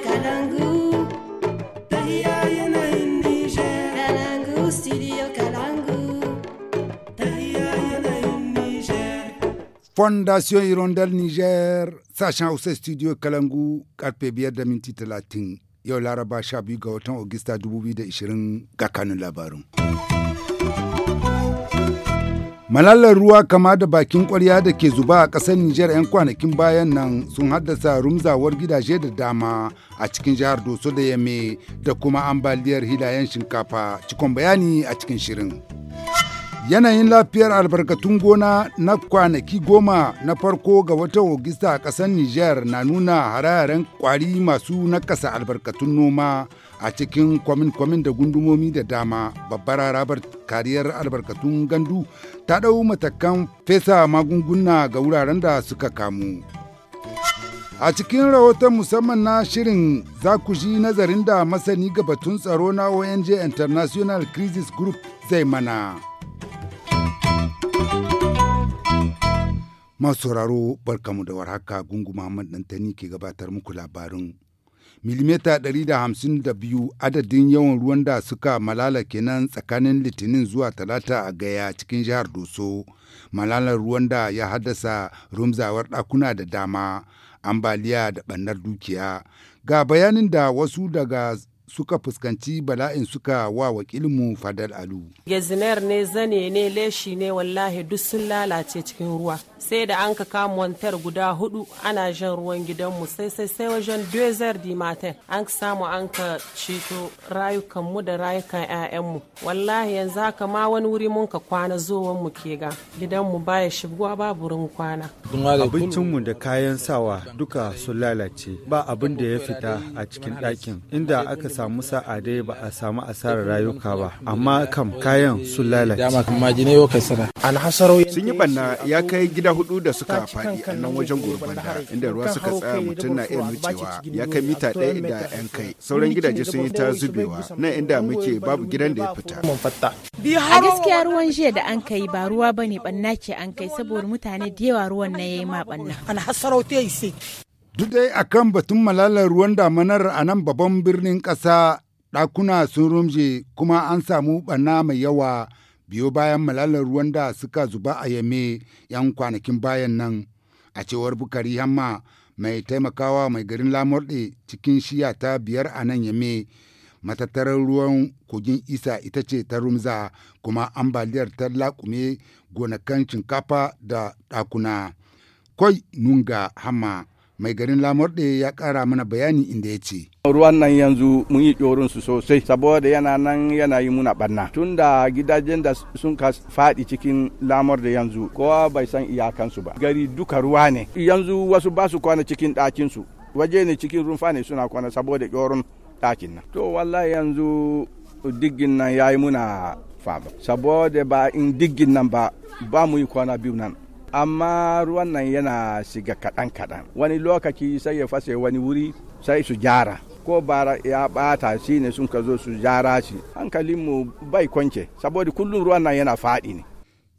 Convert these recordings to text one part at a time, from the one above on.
Kalangu. Niger. Fondation Hirondelle Niger, sashen Hausa studio Kalangu, karfe biyar da minti talatin. Yau Laraba sha biyu ga watan Ogista 2020 ga kanun labarin. Malalar ruwa kama da bakin kwarya da ke zuba a ƙasar Nijar 'yan kwanakin bayan nan sun haddasa rumzawar gidaje da dama a cikin jihar Doso da Yame da kuma ambaliyar hilayen shinkafa cikon bayani a cikin shirin. Yanayin lafiyar albarkatun gona na kwanaki goma na farko ga wata Ogista a ƙasar Nijar na nuna hare-haren kwari masu nakasa albarkatun noma a cikin kwamin-kwamin da gundumomi da dama babbar harabar kariyar albarkatun gandu ta ɗau matakan fesa magunguna ga wuraren da suka kamu a cikin rahoton musamman na shirin za ku ji nazarin da masani ga batun tsaro na ong international crisis group zai mana masu sauraro barkamu da warhaka gungu muhammad dantani ke gabatar muku labarin milimeta 152 adadin yawan ruwan da suka malala kenan tsakanin litinin zuwa talata a gaya cikin jihar doso malalar ruwan da ya haddasa rumzawar ɗakuna da dama ambaliya da ɓannar dukiya ga bayanin da wasu daga suka fuskanci bala'in suka wa wakilinmu fadal alu. Geziner ne zane ne leshi ne wallahi duk sun lalace cikin ruwa. sai da an ka kama wantar guda hudu ana jan ruwan gidanmu sai sai sai wajen dozer di matin an samu an ka ceto rayukanmu da rayukan 'ya'yanmu wallahi yanzu haka ma wani wuri mun ka kwana zuwan mu ke ga gidanmu baya shigowa babu rin kwana abincinmu da kayan sawa duka sun lalace ba abin da ya fita a cikin ɗakin inda aka samu sa'a dai ba a samu asarar rayuka ba amma kam kayan sun lalace sun yi banna ya kai gidan hudu da suka faɗi a nan wajen gurbanda inda ruwa suka tsaya mutum na iya mucewa ya kai mita ɗaya da yan kai sauran gidaje sun yi ta zubewa nan inda muke babu gidan da ya fita. A gaskiya ruwan jiya da an kai ba ruwa ba ne banna ce an kai saboda mutane da yawa ruwan na ya yi ma banna. Duk dai akan batun malalar ruwan damanar a nan babban birnin ƙasa ɗakuna sun rumje kuma an samu ɓanna mai yawa biyo bayan malalar ruwan da suka zuba a yame 'yan kwanakin bayan nan a cewar bukari hamma mai taimakawa mai garin lamurɗe cikin shiya ta biyar a nan yame matattarar ruwan kogin isa ita ce ta rumza kuma ambaliyar ta lakume gonakan shinkafa da ɗakuna koi nunga hamma. mai garin lamurɗe ya ƙara mana bayani inda ya ce ruwan nan yanzu mun yi tsoron su sosai saboda yana nan yana yi muna banna tun da gidajen da sun ka faɗi cikin lamar da yanzu kowa bai san iyakansu ba gari duka ruwa ne yanzu wasu ba su kwana cikin su waje ne cikin rumfa ne suna kwana saboda tsoron ɗakin nan to wallahi yanzu diggin nan ya yi muna faɗa. saboda ba in diggin nan ba ba mu yi kwana biyu nan amma ruwan nan yana shiga kaɗan-kaɗan wani lokaci sai ya fashe wani wuri sai su gyara ko bara ya bata shi ne sun ka zo su gyara shi hankalinmu bai kwance saboda kullum ruwan nan yana faɗi ne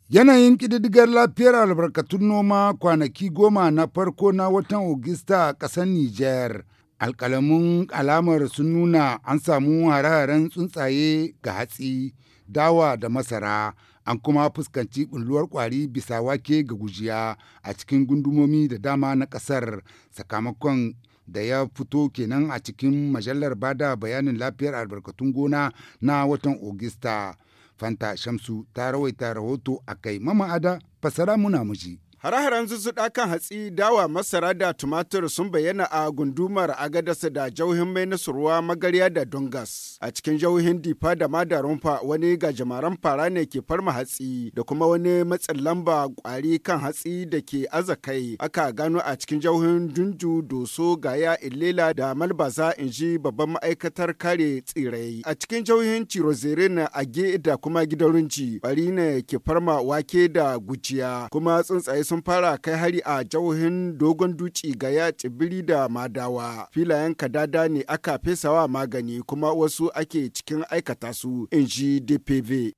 Yanayin ƙididdigar lafiyar albarkatun noma kwanaki goma na farko na watan Ogista a ƙasar Nijar. Alƙalamin alamar sun nuna an samu hare-haren tsuntsaye ga hatsi, dawa da masara. an kuma fuskanci bulluwar kwari bisa wake ga gujiya a cikin gundumomi da dama na ƙasar sakamakon da ya fito kenan a cikin majalar bada bayanin lafiyar albarkatun gona na watan ogista fanta shamsu ta rawaita rahoto a kai mama ada fasara muna muji har haren zuzzuɗa kan hatsi, dawa, masara da tumatur sun bayyana a gundumar Agadas da jauhin mai nasurwa magarya da Dungas. A cikin jauhin Difa da Madarunfa wani gajimaren fara ne ke farma hatsi da kuma wani matsin lamba kwari kan hatsi da ke azakai. Aka gano a cikin jauhin Dunju, Doso, Gaya, Ilela da Malbaza in ji babban ma'aikatar kare tsirai. A cikin jauhin Cirozere na Age da kuma Gidarunci, kwari ne ke farma wake da gujiya kuma tsuntsaye sun fara kai hari a jihohin dogon duci ga gaya tsibiri da madawa filayen kadada ne aka fesawa magani kuma wasu ake cikin aikata su in ji dpv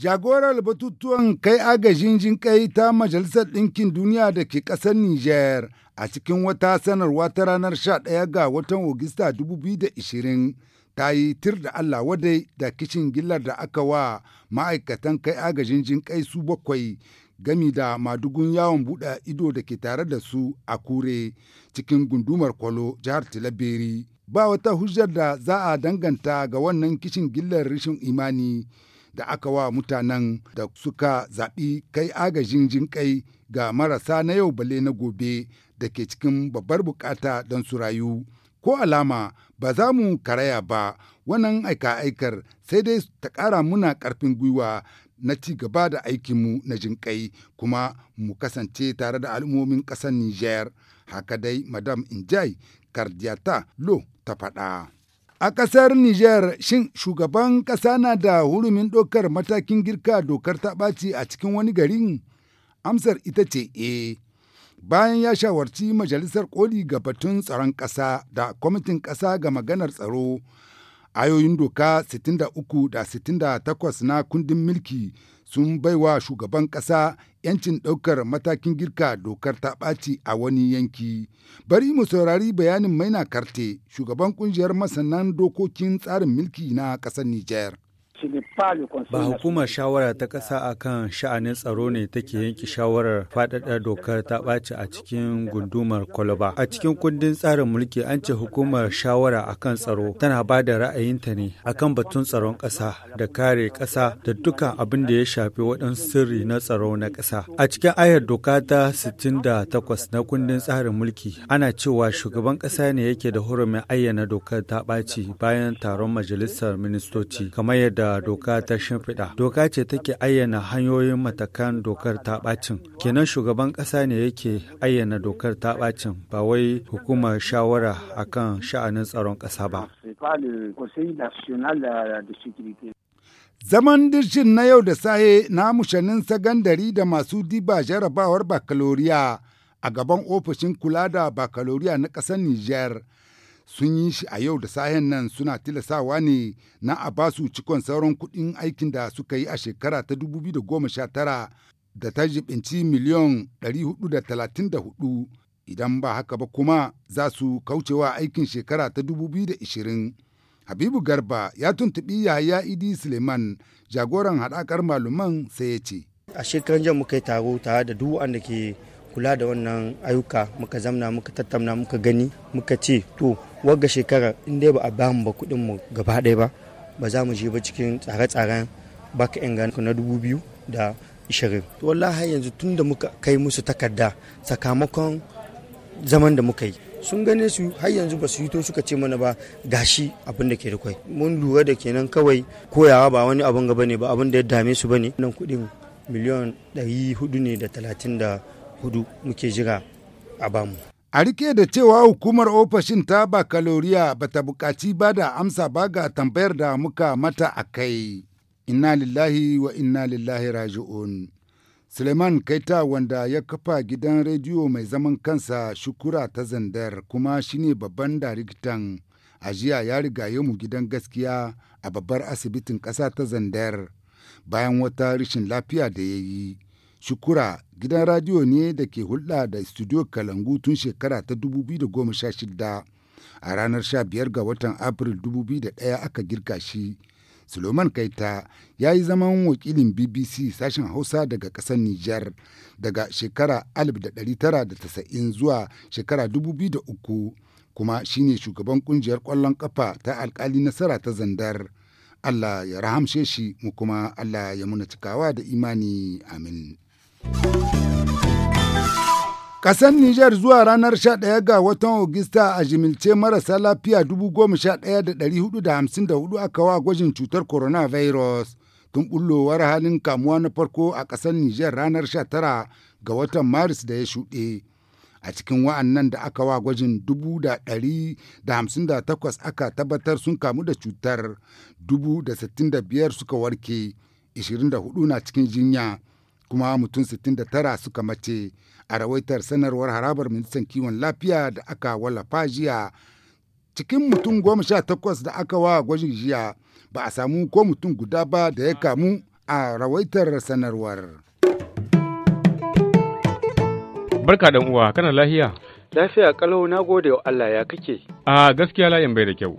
jagorar batutuwan kai agajin jin kai ta majalisar ɗinkin duniya da ke ƙasar niger a cikin wata sanarwa ta ranar 11 ga watan ogista 2020 ta yi tir da Allah wadai da kishin gillar da aka wa ma'aikatan kai agajin jin kai su bakwai gami da madugun yawon buɗe ido da ke tare da su a kure cikin gundumar kwalo jihar tilaberi ba wata hujjar da za a danganta ga wannan kicin gillar rashin imani da aka wa mutanen da suka zaɓi kai agajin jin jinƙai ga marasa na yau bale na gobe da ke cikin babbar bukata don su rayu ko alama ba za mu karaya ba wannan aika-aikar sai dai ta ƙara muna ƙarfin gwiwa na ci gaba da aikinmu na jinƙai kuma mu kasance tare da al'ummomin ƙasar Nijar. Haka dai Madam Injai Kardiyata Lo ta faɗa. A ƙasar Nijar, shin shugaban ƙasa na da hurumin ɗaukar matakin girka dokar ta ɓaci a cikin wani garin? Amsar ita ce eh. bayan ya shawarci majalisar koli ga batun tsaron ƙasa da kwamitin ƙasa ga maganar tsaro ayoyin doka 63 da 68 na kundin mulki sun baiwa shugaban ƙasa 'yancin ɗaukar matakin girka dokar ta ɓaci a wani yanki bari mu saurari bayanin maina karte shugaban ƙungiyar masanan dokokin tsarin mulki na ƙasar niger Ba hukumar shawara ta ƙasa a kan sha'anin tsaro ne take yanke shawarar faɗaɗa dokar ta ɓaci a cikin gundumar kwalaba. A cikin kundin tsarin mulki an ce hukumar shawara a kan tsaro tana ba da ra'ayinta ne a kan batun tsaron ƙasa da kare ƙasa da dukkan abin da ya shafi waɗansu sirri na tsaro na ƙasa. A cikin ayar doka ta da takwas na kundin tsarin mulki ana cewa shugaban ƙasa ne yake da hurumin ayyana dokar ta ɓaci bayan taron majalisar ministoci kamar yadda doka ta shimfiɗa. Doka ce take ayyana hanyoyin matakan dokar ta ɓacin. Kenan shugaban ƙasa ne yake ayyana dokar ta ɓacin ba wai hukumar shawara akan sha'anin tsaron ƙasa ba. Zaman dirshin na yau da sahe na mushanin sagandari da masu diba jarabawar bakaloriya a gaban ofishin kula da bakaloriya na ƙasar Nijar. sun yi shi a yau da sahen nan suna tilasawa ne na a basu cikon sauran kuɗin aikin da suka yi a shekara ta 2019 da ta jibinci miliyan 434 idan ba haka ba kuma za su kaucewa aikin shekara ta 2020. Habibu Garba ya tuntuɓi Yahaya Idi Suleiman jagoran haɗakar malaman sai ya ce. A shekaran jan muka yi taro tare da duk wanda ke kula da wannan ayyuka muka zamna muka tattauna muka gani muka ce to wagga shekara in dai ba a bamu ba kuɗin mu gaba ɗaya ba ba za mu je ba cikin tsare-tsaren baka gani na dubu biyu da ishirin to wallahi yanzu tun da muka kai musu takarda sakamakon zaman da muka yi sun gane su har yanzu ba su yi to suka ce mana ba gashi abin da ke da kwai mun lura da kenan kawai koyawa ba wani abin gaba ne ba abin da ya dame su bane nan kuɗin miliyan ɗari hudu ne da talatin da hudu muke jira a bamu. A rike da cewa hukumar ofishin ta ba kaloriya ba ta buƙaci ba da amsa ba ga tambayar da muka mata a kai. Inna lillahi wa inna lillahi raji'un. Suleiman Kaita wanda ya kafa gidan rediyo mai zaman kansa shukura ta zandar kuma shine babban daraktan ajiya ya rigaye mu gidan gaskiya a babbar asibitin ƙasa ta zandar bayan wata rashin lafiya da ya yi. Shukura gidan radiyo ne da ke hulɗa da Studio Kalangu tun shekara ta 2016 a ranar 15 ga watan Afril 2001 aka girka shi. Suleiman Kaita ya yi zaman wakilin BBC sashen Hausa daga ƙasar Nijar daga shekara 1990 zuwa shekara 2003 kuma shine shugaban kungiyar ƙwallon ƙafa ta alkali nasara ta zandar. Allah ya rahamshe shi mu kuma Allah ya muna cikawa da imani amin. Ƙasar Nijar zuwa ranar 11 ga watan Ogista a jimilce marasa lafiya 11,454 aka wa gwajin cutar coronavirus. Tun bullowar halin kamuwa na farko a ƙasar Nijar ranar 19 ga watan Maris da ya shuɗe. A cikin wa'annan da aka wa gwajin 158 aka tabbatar sun kamu da cutar, 65 suka warke, 24 na cikin jinya. kuma mutum 69 suka mace a rawaitar sanarwar harabar ministan kiwon lafiya da aka wallafa jiya cikin mutum goma sha takwas da aka wa gwajin jiya ba a samu ko mutum guda ba da ya kamu a rawaitar sanarwar. Barka dan uwa kana lahiya? Lafiya kalau na gode wa Allah ya kake. A gaskiya layin bai da kyau.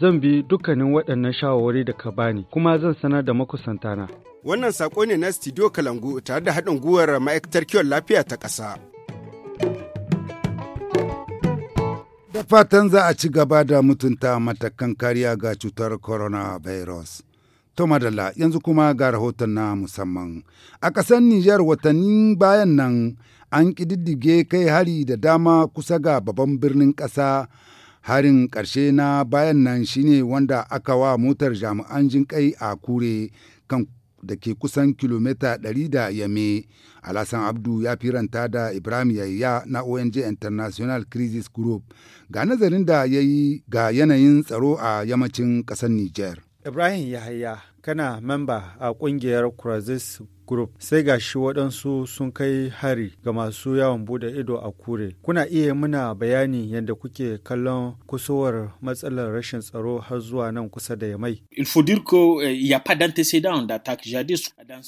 zan bi dukkanin waɗannan shawarwari da ka bani kuma zan sanar da makusantana. Wannan saƙo ne na Studio Kalangu tare da haɗin gwiwar ma'aikatar kiwon lafiya ta ƙasa. Da fatan za a ci gaba da mutunta matakan kariya ga cutar coronavirus. To madalla yanzu kuma ga rahoton na musamman. A ƙasar Nijar watanni bayan nan an ƙididdige kai hari da dama kusa ga babban birnin ƙasa harin ƙarshe na bayan nan shine wanda aka wa motar jami'an jinƙai a kure kan da ke kusan kilomita 100 da yame alasan abdu ya firanta da ibrahim yayya na ong international crisis group ga nazarin da ya yi ga yanayin tsaro a yammacin ƙasar niger ibrahim yahaya kana memba a ƙungiyar crisis Group sai ga shi waɗansu sun kai hari ga masu yawon bude ido a kure. Kuna iya muna bayani yadda kuke kallon kusowar matsalar rashin tsaro har zuwa nan kusa da yamai. Eh,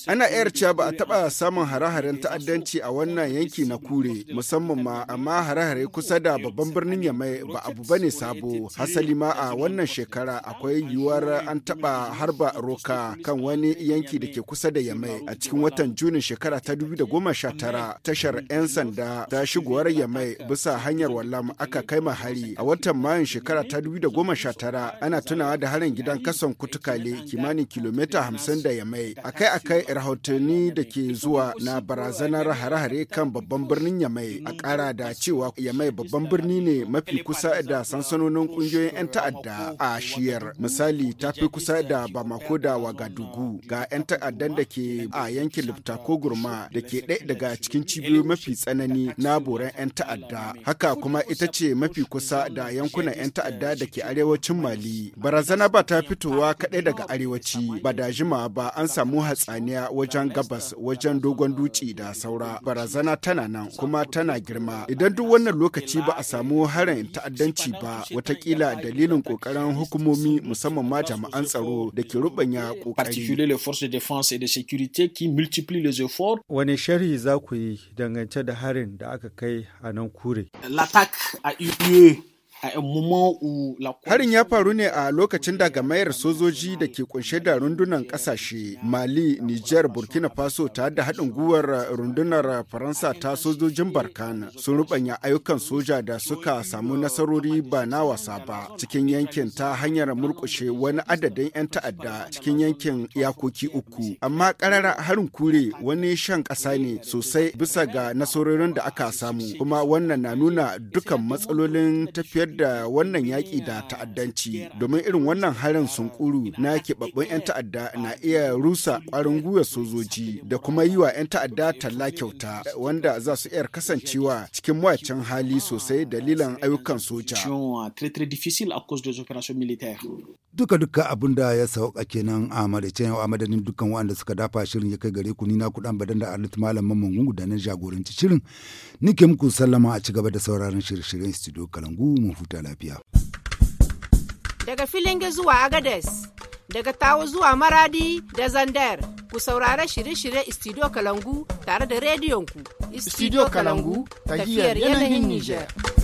Ana yar cewa ba a taɓa samun hare-haren ta'addanci a wannan yanki na kure musamman ma amma hare-hare kusa da babban birnin yamai ba abu ba ne sabo. Hasali ma a wannan shekara akwai yiwuwar an taɓa harba roka kan wani yanki da ke kusa da yamai a cikin watan Junin shekara ta 2019 tashar 'yan sanda ta shigowar Yamai bisa hanyar Wallam aka kai ma hari. A watan Mayun shekara ta 2019 ana tunawa da harin gidan kason kutukale kimanin kilomita hamsin da Yamai. Akai-akai rahotanni da ke zuwa na barazanar hare-hare kan babban birnin Yamai a kara da cewa Yamai babban birni ne mafi kusa da sansanonin ƙungiyoyin 'yan ta'adda a shiyar. Misali ta fi kusa da Bamako da Wagadugu ga 'yan ta'addan da ke a yankin lipta ko Gurma da ke ɗaya daga cikin cibiyoyi mafi tsanani na boran 'yan ta'adda. Haka kuma ita ce mafi kusa da yankunan 'yan ta'adda da ke arewacin Mali. Barazana ba ta fitowa kaɗai daga arewaci, ba da jima ba an samu hatsaniya wajen gabas, wajen dogon dutse da saura. Barazana tana nan kuma tana girma. Idan duk wannan lokaci ba a samu harin ta'addanci ba, watakila dalilin kokarin hukumomi musamman ma jami'an tsaro da ke rubanya kokari qui les efforts. Wane sharhi za ku yi dangance da harin da aka kai a nan kure? L'attaque a eu lieu Harin ya faru ne a lokacin da gamayar sojoji da ke kunshe da rundunan kasashe Mali, Nijar, Burkina Faso ta da haɗin gwiwar rundunar Faransa ta sojojin Barkan sun rubanya ayyukan soja da suka samu nasarori ba na wasa ba cikin yankin ta hanyar murkushe wani adadin 'yan ta'adda cikin yankin iyakoki uku. Amma ƙarara harin kure wani shan ƙasa ne sosai bisa ga nasarorin da aka samu kuma wannan na nuna dukan matsalolin tafiyar gudanar da wannan yaƙi da ta'addanci domin irin wannan harin sunkuru na keɓaɓɓun 'yan ta'adda na iya rusa ƙwarin gwiwa sojoji da kuma yi wa 'yan ta'adda talla kyauta wanda za su iya kasancewa cikin mawacin hali sosai dalilan ayyukan soja. duka-duka abin da ya sauka kenan a madaicen yau a madadin dukkan waɗanda suka dafa shirin ya kai gare ku nina kudan badan da arlit malam mamman gungu da na jagoranci shirin nike muku sallama a cigaba da sauraron shirye-shiryen studio kalangu mun huta lafiya. Daga filinge zuwa Agades, daga Tawo zuwa Maradi da Zandar, ku saurara shirye-shirye studio kalangu tare da rediyonku. Studio kalangu, tafiyar yanayin Nijar.